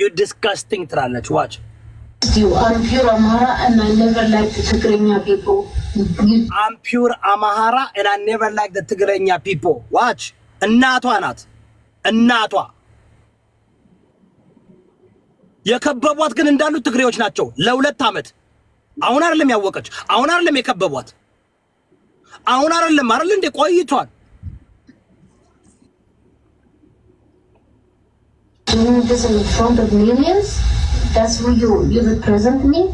ዩ ዲስጋስቲንግ ትላለች። ዋች አምፒር አማራ እና ኔቨር ላይክ ትግረኛ ፒፖ ዋች እናቷ ናት። እናቷ የከበቧት ግን እንዳሉ ትግሬዎች ናቸው። ለሁለት ዓመት አሁን አይደለም ያወቀች፣ አሁን አይደለም የከበቧት፣ አሁን አይደለም አይደል እንዴ ቆይቷል። in front of millions? That's who you you represent me?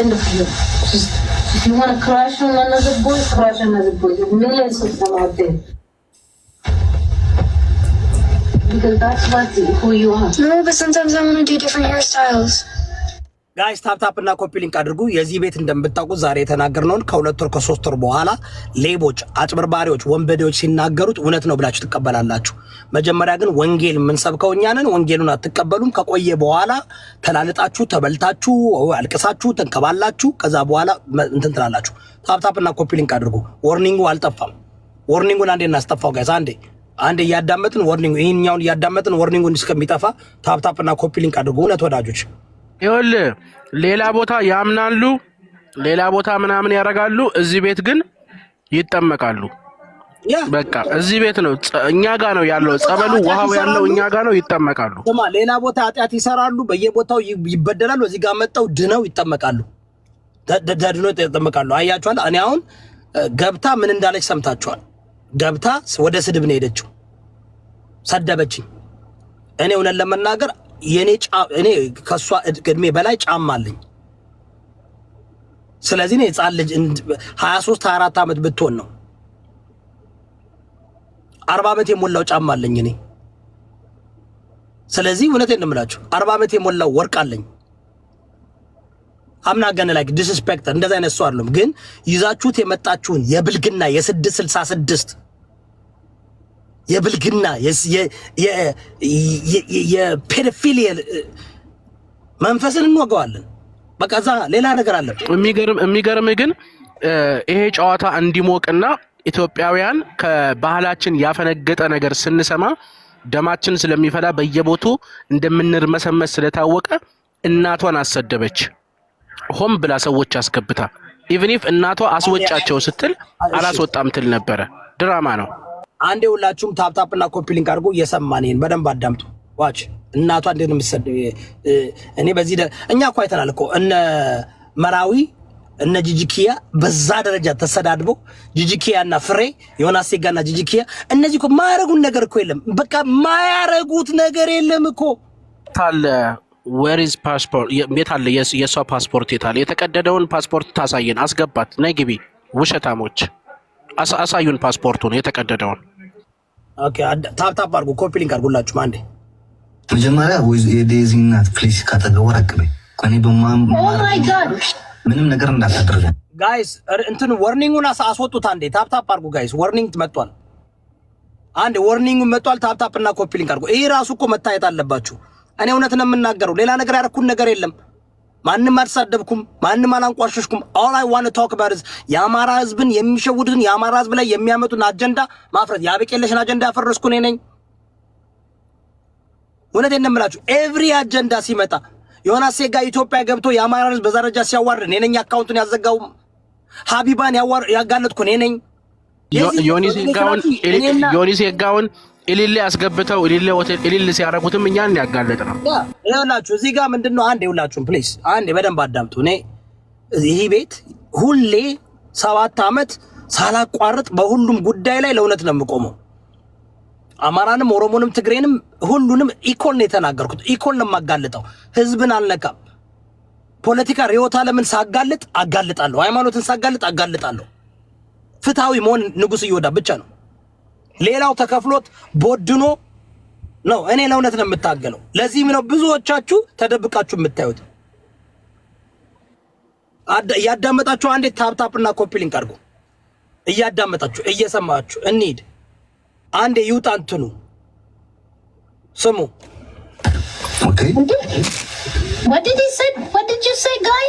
End of you. Just if you wanna crush on another boy, crush on another boy. There's millions of them out there. Because that's what who you are. No, but sometimes I wanna do different hairstyles. ጋይስ ታፕታፕ እና ኮፒ ሊንክ አድርጉ። የዚህ ቤት እንደምታውቁት ዛሬ የተናገርነውን ከሁለት ወር ከሶስት ወር በኋላ ሌቦች፣ አጭበርባሪዎች፣ ወንበዴዎች ሲናገሩት እውነት ነው ብላችሁ ትቀበላላችሁ። መጀመሪያ ግን ወንጌል የምንሰብከው እኛ ነን። ወንጌሉን አትቀበሉም። ከቆየ በኋላ ተላልጣችሁ፣ ተበልታችሁ፣ አልቅሳችሁ፣ ተንከባላችሁ ከዛ በኋላ እንትን ትላላችሁ። ታፕታፕ እና ኮፒ ሊንክ አድርጉ። ወርኒንጉ አልጠፋም። ወርኒንጉን አንዴ እናስጠፋው ጋይስ። አንዴ አንዴ እያዳመጥን ወርኒንጉ ይህኛውን እያዳመጥን ወርኒንጉን እስከሚጠፋ ታፕታፕ እና ኮፒ ሊንክ አድርጉ። እውነት ወዳጆች ይኸውልህ ሌላ ቦታ ያምናሉ፣ ሌላ ቦታ ምናምን ያደርጋሉ። እዚህ ቤት ግን ይጠመቃሉ። በቃ እዚህ ቤት ነው፣ እኛ ጋ ነው ያለው ጸበሉ፣ ውሃው ያለው እኛ ጋ ነው። ይጠመቃሉ። ሌላ ቦታ ኃጢአት ይሰራሉ፣ በየቦታው ይበደላሉ። እዚህ ጋር መጠው ድነው ይጠመቃሉ፣ ድነው ይጠመቃሉ። አያችኋል። እኔ አሁን ገብታ ምን እንዳለች ሰምታችኋል። ገብታ ወደ ስድብ ነው ሄደችው፣ ሰደበችኝ። እኔ እውነት ለመናገር የኔ እኔ ከሷ እድሜ በላይ ጫማ አለኝ። ስለዚህ እኔ የጻን ልጅ 23 24 ዓመት ብትሆን ነው 40 ዓመት የሞላው ጫማ አለኝ እኔ። ስለዚህ እውነቴን ነው የምላችሁ 40 ዓመት የሞላው ወርቅ አለኝ። አምና ገነ ላይክ ዲስስፔክተር እንደዛ አይነት ሰው አይደለም። ግን ይዛችሁት የመጣችሁን የብልግና የ666 የብልግና የፔዶፊሊየል መንፈስን እንወገዋለን። በቃ እዛ ሌላ ነገር አለ። የሚገርም ግን ይሄ ጨዋታ እንዲሞቅና ኢትዮጵያውያን ከባህላችን ያፈነገጠ ነገር ስንሰማ ደማችን ስለሚፈላ በየቦቱ እንደምንርመሰመስ ስለታወቀ እናቷን አሰደበች። ሆም ብላ ሰዎች አስገብታ ኢቭን ኢፍ እናቷ አስወጫቸው ስትል አላስወጣም ትል ነበረ። ድራማ ነው። አንዴ ሁላችሁም ታፕታፕ እና ኮፒ ሊንክ አድርጎ እየሰማን ይሄን በደንብ አዳምጡ። ዋች እናቷ እንዴት ነው የምትሰደው? እኔ በዚህ እኛ እኮ አይተናል እኮ እነ መራዊ እነ ጂጂኪያ በዛ ደረጃ ተሰዳድበው ጂጂኪያ እና ፍሬ የሆነ ሴጋ እና ጂጂኪያ እነዚህ እኮ ማያረጉን ነገር እኮ የለም። በቃ ማያረጉት ነገር የለም እኮ ታለ ወሪዝ ፓስፖርት የት አለ? የእሷ ፓስፖርት የት አለ? የተቀደደውን ፓስፖርት ታሳየን። አስገባት ነይ ግቢ። ውሸታሞች አሳዩን ፓስፖርቱን የተቀደደውን ታፕታፕ አድርጉ፣ ኮፒ ሊንክ አድርጉላችሁ አንዴ። መጀመሪያ የዴዚ እናት ፕሊስ ካጠገቡ ራቅ በይ። እኔ oh ምንም ነገር እንዳታደርገ ጋይስ፣ እንትን ወርኒንጉን አስወጡት። አንዴ ታፕታፕ አድርጉ ጋይስ፣ ወርኒንግ መጥቷል። አንዴ ወርኒንጉ መጥቷል። ታፕታፕ እና ኮፒ ሊንክ አድርጉ። ይሄ ራሱ እኮ መታየት አለባችሁ። እኔ እውነት ነው የምናገረው፣ ሌላ ነገር ያደረኩት ነገር የለም። ማንም አልተሳደብኩም፣ ማንም አላንቋሸሽኩም። ኦል አይ ዋን ቶክ ባርዝ የአማራ ህዝብን የሚሸውዱትን የአማራ ህዝብ ላይ የሚያመጡን አጀንዳ ማፍረስ የአበቄለሽን አጀንዳ ያፈረስኩ እኔ ነኝ። እውነቴን ነው የምላችሁ። ኤቭሪ አጀንዳ ሲመጣ ዮናስ ሴጋ ኢትዮጵያ ገብቶ የአማራ ህዝብ በዛ ደረጃ ሲያዋርድ እኔ ነኝ አካውንቱን ያዘጋው። ሀቢባን ያጋለጥኩ እኔ ነኝ። ዮኒ ሴጋውን ኢሊሌ አስገብተው ኢሊሌ ሆቴል ኢሊል ሲያደርጉትም እኛን ያጋለጥ ነው። ይኸውላችሁ እዚህ ጋር ምንድን ነው አንድ ይኸውላችሁም ፕሊስ አንድ በደንብ አዳምጡ። እኔ ይህ ቤት ሁሌ ሰባት ዓመት ሳላቋርጥ በሁሉም ጉዳይ ላይ ለእውነት ነው የምቆመው። አማራንም፣ ኦሮሞንም፣ ትግሬንም ሁሉንም ኢኮል ነው የተናገርኩት። ኢኮል ነው የማጋልጠው። ህዝብን አልነካም። ፖለቲካ ርዕዮተ ዓለምን ሳጋልጥ አጋልጣለሁ። ሃይማኖትን ሳጋልጥ አጋልጣለሁ። ፍትሐዊ መሆን ንጉሥ እየወዳ ብቻ ነው። ሌላው ተከፍሎት ቦድኖ ነው። እኔ ለእውነት ነው የምታገለው። ለዚህም ነው ብዙዎቻችሁ ተደብቃችሁ የምታዩት። እያዳመጣችሁ አንዴ ታፕታፕ እና ኮፒ ሊንክ አድርጉ። እያዳመጣችሁ እየሰማችሁ እንሂድ። አንዴ ይውጣ እንትኑ ስሙ። ጋይ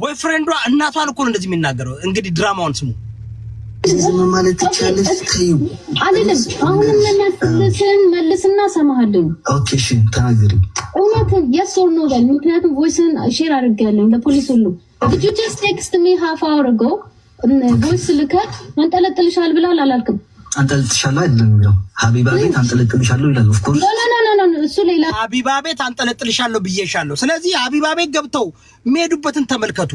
ቦይፍሬንዷ እናቷን እኮ ነው እንደዚህ የሚናገረው። እንግዲህ ድራማውን ስሙ። ዝም ማለት ይቻለሽ። ተይው አይደለም። አሁንም መልስን መልስና ሰማሃለሁ። ኦኬ እሺ፣ ተናገሪ። እውነትን የስ ኦር በል። ምክንያቱም ቮይስን ሼር አድርጌያለሁ ለፖሊስ ሁሉ። ቴክስት ሚ ሀፍ አወር ጎ ቮይስ ልከህ መንጠለጥልሻል ብላል አላልክም? አንጠለጥሻለሁ አይደለም የሚለው ሀቢባ ቤት አንጠለጥልሻለሁ ይላል። ኦፍኮርስ እሱ ሌላ ሀቢባ ቤት አንጠለጥልሻለሁ ብዬሻለሁ። ስለዚህ ሀቢባ ቤት ገብተው የሚሄዱበትን ተመልከቱ።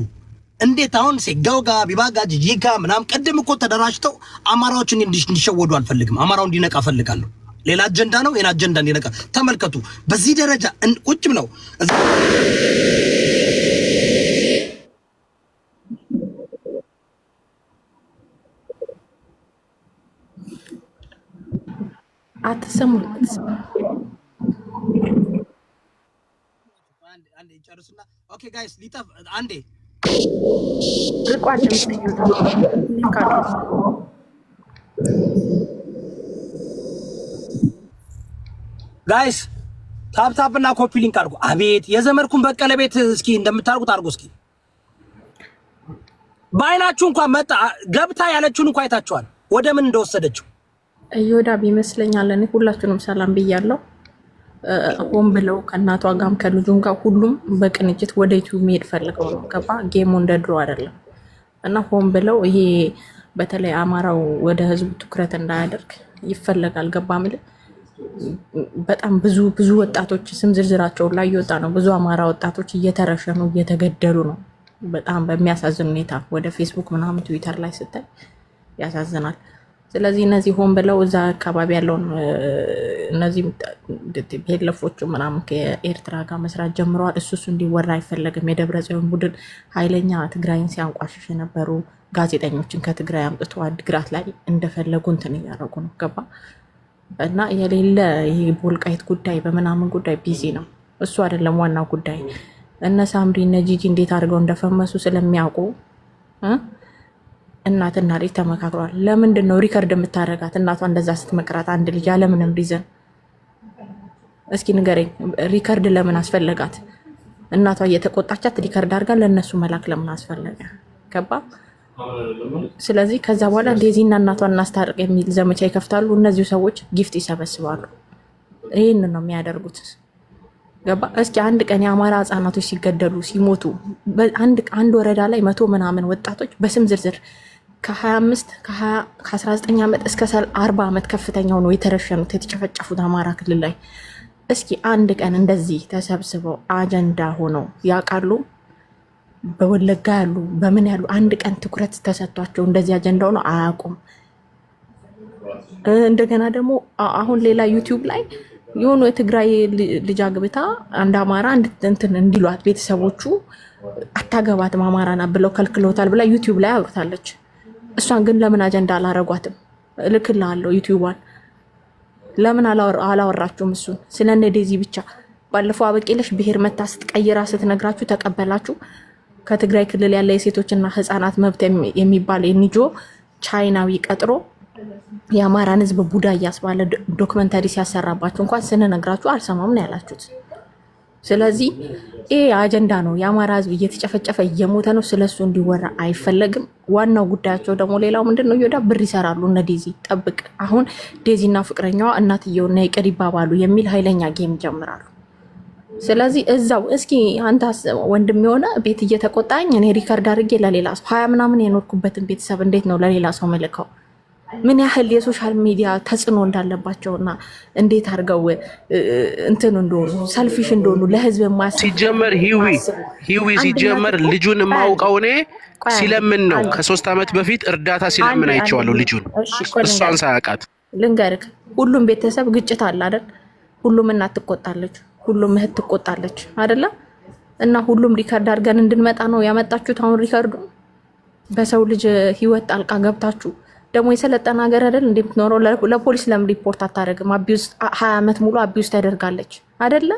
እንዴት አሁን ሴጋው ጋ ሀቢባ ጋ ጂጂጋ ጋር ምናምን ቅድም እኮ ተደራጅተው አማራዎችን እንዲሸወዱ አልፈልግም። አማራው እንዲነቃ እፈልጋለሁ። ሌላ አጀንዳ ነው። ሌላ አጀንዳ እንዲነቃ ተመልከቱ። በዚህ ደረጃ ቁጭ ብለው አትሰሙ ጋይስ ታፕታፕ እና ኮፒ ሊንክ አድርጉ። አቤት የዘመድኩን በቀለ ቤት እስኪ እንደምታርጉት አድርጉ። እስኪ በአይናችሁ እንኳን መጣ ገብታ ያለችውን እንኳ አይታችኋል፣ ወደ ምን እንደወሰደችው እዮዳብ ይመስለኛል። እኔ ሁላችሁንም ሰላም ብያለው። ሆን ብለው ከእናቷ ጋም ከልጁም ጋር ሁሉም በቅንጅት ወደ ዩቱብ መሄድ ፈልገው ነው። ገባ ጌሙ እንደ ድሮ አይደለም እና ሆን ብለው ይሄ በተለይ አማራው ወደ ህዝቡ ትኩረት እንዳያደርግ ይፈለጋል። ገባ ምል በጣም ብዙ ብዙ ወጣቶች ስም ዝርዝራቸውን ላይ እየወጣ ነው። ብዙ አማራ ወጣቶች እየተረሸኑ እየተገደሉ ነው። በጣም በሚያሳዝን ሁኔታ ወደ ፌስቡክ ምናምን ትዊተር ላይ ስታይ ያሳዝናል። ስለዚህ እነዚህ ሆን ብለው እዛ አካባቢ ያለውን እነዚህ ሄለፎቹ ምናምን ከኤርትራ ጋር መስራት ጀምረዋል። እሱ እሱ እንዲወራ አይፈለግም። የደብረ ጽዮን ቡድን ኃይለኛ ትግራይን ሲያንቋሽሽ የነበሩ ጋዜጠኞችን ከትግራይ አምጥተዋል። አድግራት ላይ እንደፈለጉ እንትን እያደረጉ ነው። ገባ እና የሌለ ይሄ ጉዳይ በምናምን ጉዳይ ቢዚ ነው። እሱ አይደለም ዋናው ጉዳይ። እነ ሳምሪ እነ ጂጂ እንዴት አድርገው እንደፈመሱ ስለሚያውቁ እናትና ልጅ ተመካክሯል። ለምንድን ነው ሪከርድ የምታደርጋት እናቷ እንደዛ ስትመቅራት አንድ ልጅ ያለምንም ሪዘን? እስኪ ንገረኝ፣ ሪከርድ ለምን አስፈለጋት? እናቷ እየተቆጣቻት ሪከርድ አድርጋ ለእነሱ መላክ ለምን አስፈለገ? ገባ? ስለዚህ ከዛ በኋላ ዴዚና እናቷን እናስታርቅ የሚል ዘመቻ ይከፍታሉ። እነዚሁ ሰዎች ጊፍት ይሰበስባሉ። ይህንን ነው የሚያደርጉት። ገባ? እስኪ አንድ ቀን የአማራ ህጻናቶች ሲገደሉ ሲሞቱ፣ አንድ ወረዳ ላይ መቶ ምናምን ወጣቶች በስም ዝርዝር ከ25 ከ19 ዓመት እስከ 40 ዓመት ከፍተኛ ሆኖ የተረሸኑት የተጨፈጨፉት አማራ ክልል ላይ እስኪ አንድ ቀን እንደዚህ ተሰብስበው አጀንዳ ሆነው ያውቃሉ? በወለጋ ያሉ በምን ያሉ አንድ ቀን ትኩረት ተሰጥቷቸው እንደዚህ አጀንዳ ሆነው አያውቁም። እንደገና ደግሞ አሁን ሌላ ዩቲዩብ ላይ የሆኑ የትግራይ ልጅ አግብታ አንድ አማራ እንትን እንዲሏት ቤተሰቦቹ አታገባትም አማራና ብለው ከልክለውታል ብላ ዩቲዩብ ላይ አብሩታለች። እሷን ግን ለምን አጀንዳ አላረጓትም? እልክልሃለሁ ዩቲዩቧን። ለምን አላወራችሁም? እሱን ስለነ ዴዚ ብቻ ባለፈው አበቂለሽ ብሄር መታ ስትቀይራ ስትነግራችሁ ተቀበላችሁ። ከትግራይ ክልል ያለ የሴቶችና ህፃናት መብት የሚባል የኒጆ ቻይናዊ ቀጥሮ የአማራን ህዝብ ቡዳ እያስባለ ዶክመንታሪ ሲያሰራባችሁ እንኳን ስንነግራችሁ አልሰማም ነው ያላችሁት። ስለዚህ ይሄ አጀንዳ ነው። የአማራ ህዝብ እየተጨፈጨፈ እየሞተ ነው። ስለሱ እንዲወራ አይፈለግም። ዋናው ጉዳያቸው ደግሞ ሌላው ምንድን ነው? እዮዳብ ብር ይሰራሉ እነ ዴዚ ጠብቅ። አሁን ዴዚና ፍቅረኛዋ እናትየው እና ይቅር ይባባሉ የሚል ኃይለኛ ጌም ይጀምራሉ። ስለዚህ እዛው እስኪ አንተ ወንድም የሆነ ቤት እየተቆጣኝ እኔ ሪከርድ አድርጌ ለሌላ ሰው ሀያ ምናምን የኖርኩበትን ቤተሰብ እንዴት ነው ለሌላ ሰው መልከው ምን ያህል የሶሻል ሚዲያ ተጽዕኖ እንዳለባቸውና እንዴት አድርገው እንትን እንደሆኑ ሰልፊሽ እንደሆኑ ለህዝብ የማያስብ ሲጀመር ሂዊ ሂዊ ሲጀመር ልጁን የማውቀው እኔ ሲለምን ነው። ከሶስት ዓመት በፊት እርዳታ ሲለምን አይቼዋለሁ። ልጁን እሷን ሳያውቃት ልንገርህ፣ ሁሉም ቤተሰብ ግጭት አለ አይደል? ሁሉም እናት ትቆጣለች፣ ሁሉም እህት ትቆጣለች አይደለ? እና ሁሉም ሪከርድ አድርገን እንድንመጣ ነው ያመጣችሁት። አሁን ሪከርዱ በሰው ልጅ ህይወት ጣልቃ ገብታችሁ ደግሞ የሰለጠነ ሀገር አይደል እንደምትኖረው ለፖሊስ ለምን ሪፖርት አታደርግም? አቢውስ ሀያ ዓመት ሙሉ አቢውስ ታደርጋለች አይደለ?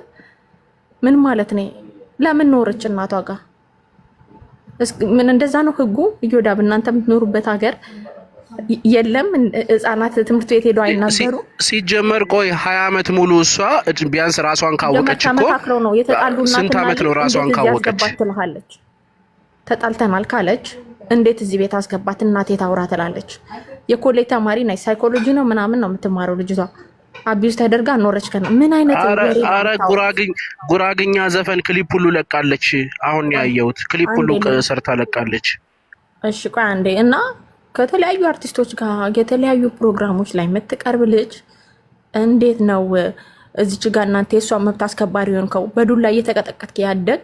ምን ማለት ነው? ለምን ኖረች እናቷ ጋር? ምን እንደዛ ነው ህጉ? እዮዳብ እናንተ የምትኖሩበት ሀገር የለም ህፃናት ትምህርት ቤት ሄደው አይናገሩ። ሲጀመር ቆይ ሀያ አመት ሙሉ እሷ ቢያንስ ራሷን ካወቀች እኮ ነው የተጣሉ ስንት አመት ነው ራሷን ካወቀች ተጣልተናል ካለች እንዴት እዚህ ቤት አስገባት እናቴ ታውራ ትላለች። የኮሌጅ ተማሪ ናይ ሳይኮሎጂ ነው ምናምን ነው የምትማረው ልጅቷ አቢዩዝ ተደርጋ ኖረች። ከነ ምን አይነት አረ ጉራግኛ ዘፈን ክሊፕ ሁሉ ለቃለች። አሁን ያየሁት ክሊፕ ሁሉ ሰርታ ለቃለች። እሺ ቆይ አንዴ እና ከተለያዩ አርቲስቶች ጋር የተለያዩ ፕሮግራሞች ላይ የምትቀርብ ልጅ እንዴት ነው እዚች ጋር እናንተ የእሷ መብት አስከባሪ ሆንከው በዱላ እየተቀጠቀጥክ ያደግ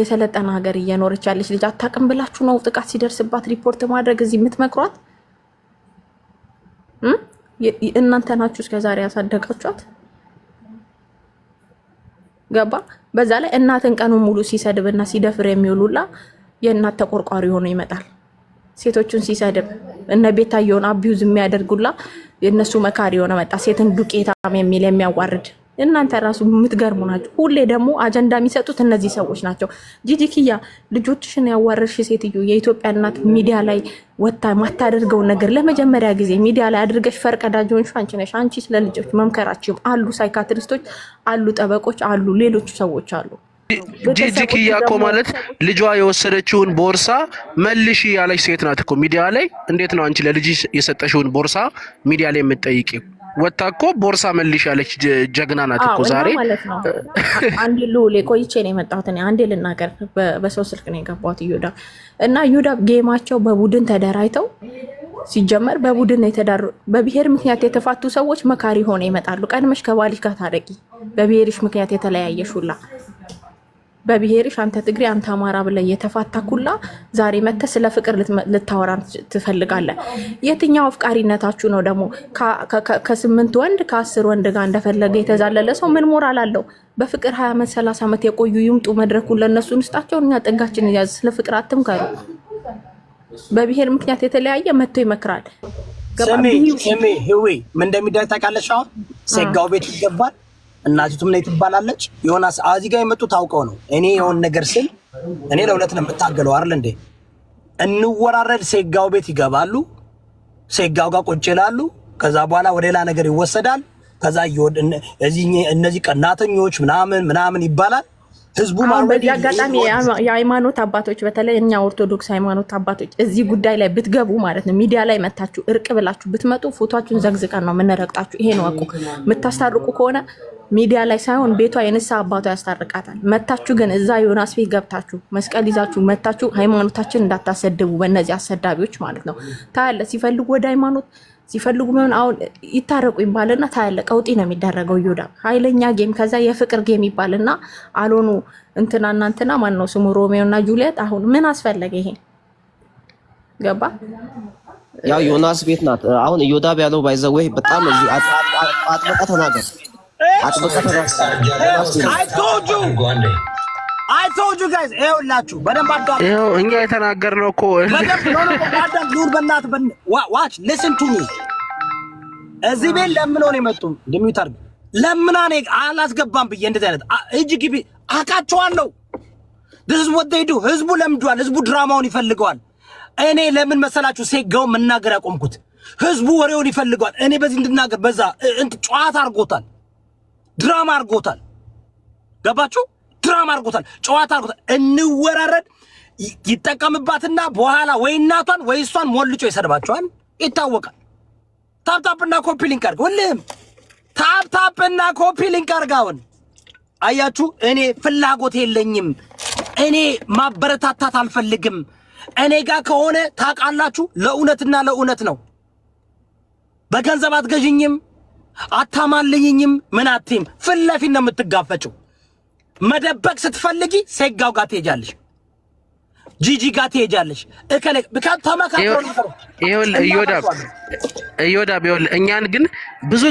የሰለጠነ ሀገር እየኖረች ያለች ልጅ አታውቅም ብላችሁ ነው ጥቃት ሲደርስባት ሪፖርት ማድረግ እዚህ የምትመክሯት? እናንተ ናችሁ ዛሬ ያሳደጋችኋት። ገባ? በዛ ላይ እናትን ቀኑ ሙሉ ሲሰድብና ሲደፍር የሚውሉላ የእናት ተቆርቋሪ ሆኖ ይመጣል። ሴቶቹን ሲሰድብ እነ ቤታየውን አቢዩዝ የሚያደርጉላ የእነሱ መካሪ የሆነ መጣ። ሴትን ዱቄታም የሚል የሚያዋርድ እናንተ ራሱ የምትገርሙ ናቸው። ሁሌ ደግሞ አጀንዳ የሚሰጡት እነዚህ ሰዎች ናቸው። ጂጂክያ ልጆችሽን ያዋረሽ ሴትዮ የኢትዮጵያ እናት ሚዲያ ላይ ወታ ማታደርገው ነገር ለመጀመሪያ ጊዜ ሚዲያ ላይ አድርገሽ ፈርቀዳጅ ሆንሽ አንቺ ነሽ። አንቺ ስለ ልጆች መምከራችም አሉ ሳይካትሪስቶች አሉ፣ ጠበቆች አሉ፣ ሌሎች ሰዎች አሉ። ጂጂክያ እኮ ማለት ልጇ የወሰደችውን ቦርሳ መልሽ ያለች ሴት ናት እኮ ሚዲያ ላይ። እንዴት ነው አንቺ ለልጅ የሰጠሽውን ቦርሳ ሚዲያ ላይ የምትጠይቂው? ወጣ እኮ ቦርሳ መልሽ ያለች ጀግና ናት እኮ ዛሬ ማለት ነው። አንዴ ልውል ቆይቼ ነው የመጣሁት። አንዴ ልናገር፣ በሰው ስልክ ነው የገባሁት። ዮዳ እና ዮዳ ጌማቸው በቡድን ተደራጅተው ሲጀመር በቡድን የተዳሩ በብሔር ምክንያት የተፋቱ ሰዎች መካሪ ሆነ ይመጣሉ። ቀድመሽ ከባልሽ ጋር ታረቂ፣ በብሔርሽ ምክንያት የተለያየሽ ሁላ በብሔርሽ አንተ ትግሬ አንተ አማራ ብለህ የተፋታ ኩላ ዛሬ መተ ስለ ፍቅር ልታወራ ትፈልጋለህ። የትኛው አፍቃሪነታችሁ ነው ደግሞ? ከስምንት ወንድ ከአስር ወንድ ጋር እንደፈለገ የተዛለለ ሰው ምን ሞራል አለው? በፍቅር ሀያ ዓመት ሰላሳ ዓመት የቆዩ ይምጡ፣ መድረኩን ለእነሱ ንስጣቸው። እኛ ጥጋችን እያዘ ስለ ፍቅር አትምከሩ። በብሔር ምክንያት የተለያየ መጥቶ ይመክራል። ስሜ ህዌ ምን እንደሚደረግ ሴጋው ቤት ይገባል እናቲቱም ነይ ትባላለች። ዮናስ አዚ ጋር የመጡ አውቀው ነው። እኔ የሆን ነገር ስል እኔ ለሁለት ነው የምታገለው አይደል እንዴ? እንወራረድ። ሴጋው ቤት ይገባሉ። ሴጋው ጋር ቁጭ ይላሉ። ከዛ በኋላ ወደ ሌላ ነገር ይወሰዳል። ከዛ እነዚህ ቀናተኞች ምናምን ምናምን ይባላል። ህዝቡ አጋጣሚ የሃይማኖት አባቶች በተለይ እኛ ኦርቶዶክስ ሃይማኖት አባቶች እዚህ ጉዳይ ላይ ብትገቡ ማለት ነው፣ ሚዲያ ላይ መታችሁ እርቅ ብላችሁ ብትመጡ ፎቷችሁን ዘግዝቀን ነው የምንረግጣችሁ። ይሄን ወቁ። የምታስታርቁ ከሆነ ሚዲያ ላይ ሳይሆን ቤቷ የንሳ አባቷ ያስታርቃታል። መታችሁ ግን እዛ ዮናስ ቤት ገብታችሁ መስቀል ይዛችሁ መታችሁ ሃይማኖታችን እንዳታሰድቡ በእነዚህ አሰዳቢዎች ማለት ነው። ታያለ ሲፈልጉ ወደ ሃይማኖት ሲፈልጉ ምን አሁን ይታረቁ ይባልና ታያለ ቀውጢ ነው የሚደረገው። ዮዳ ኃይለኛ ጌም፣ ከዛ የፍቅር ጌም ይባልና አልሆኑ እንትና እና እንትና ማን ነው ስሙ ሮሜዮ እና ጁሊየት። አሁን ምን አስፈለገ ይሄ? ገባ ያው ዮናስ ቤት ናት አሁን ዮዳ ያለው ባይዘው ወይ በጣም እዚህ አጥብቀህ ተናገር፣ አጥብቀህ ተናገር። አይ ቶልድ ዩ ጋይስ ይኸውላችሁ በደንብ አዳም ይኸው እኛ የተናገርነው እኮ በደንብ በእናትህ ዋች ሊስን ቱ ሚ እዚህ ቤት ለምነው ነው የመጡ እንደሚዩት አድርግ ለምና እኔ አላስገባም ብዬ እንደዚህ አይነት እጅ ግቢ አውቃቸዋለሁ this is what they do ህዝቡ ለምዷል ህዝቡ ድራማውን ይፈልገዋል እኔ ለምን መሰላችሁ ሴጋውን መናገር ያቆምኩት ህዝቡ ወሬውን ይፈልገዋል እኔ በዚህ እንድናገር በዛ ጨዋታ አድርጎታል ድራማ አድርጎታል ገባችሁ ድራማ አድርጎታል፣ ጨዋታ አድርጎታል። እንወራረድ ይጠቀምባትና በኋላ ወይ እናቷን ወይ እሷን ሞልጮ ይሰድባቸዋል። ይታወቃል። ታፕታፕና ኮፒ ሊንክ አድርግ፣ ሁልህም ታፕታፕና ኮፒ ሊንክ አድርግ። አሁን አያችሁ፣ እኔ ፍላጎት የለኝም። እኔ ማበረታታት አልፈልግም። እኔ ጋር ከሆነ ታውቃላችሁ፣ ለእውነትና ለእውነት ነው። በገንዘብ አትገዥኝም፣ አታማልኝኝም፣ ምን አትይም። ፊት ለፊት ነው የምትጋፈጭው። መደበቅ ስትፈልጊ ሴጋው ጋር ትሄጃለሽ፣ ጂጂ ጋር ትሄጃለሽ። እከለ ብቻ ተመካከሩ። ይኸውልህ እዮዳብ፣ እዮዳብ እኛን ግን ብዙ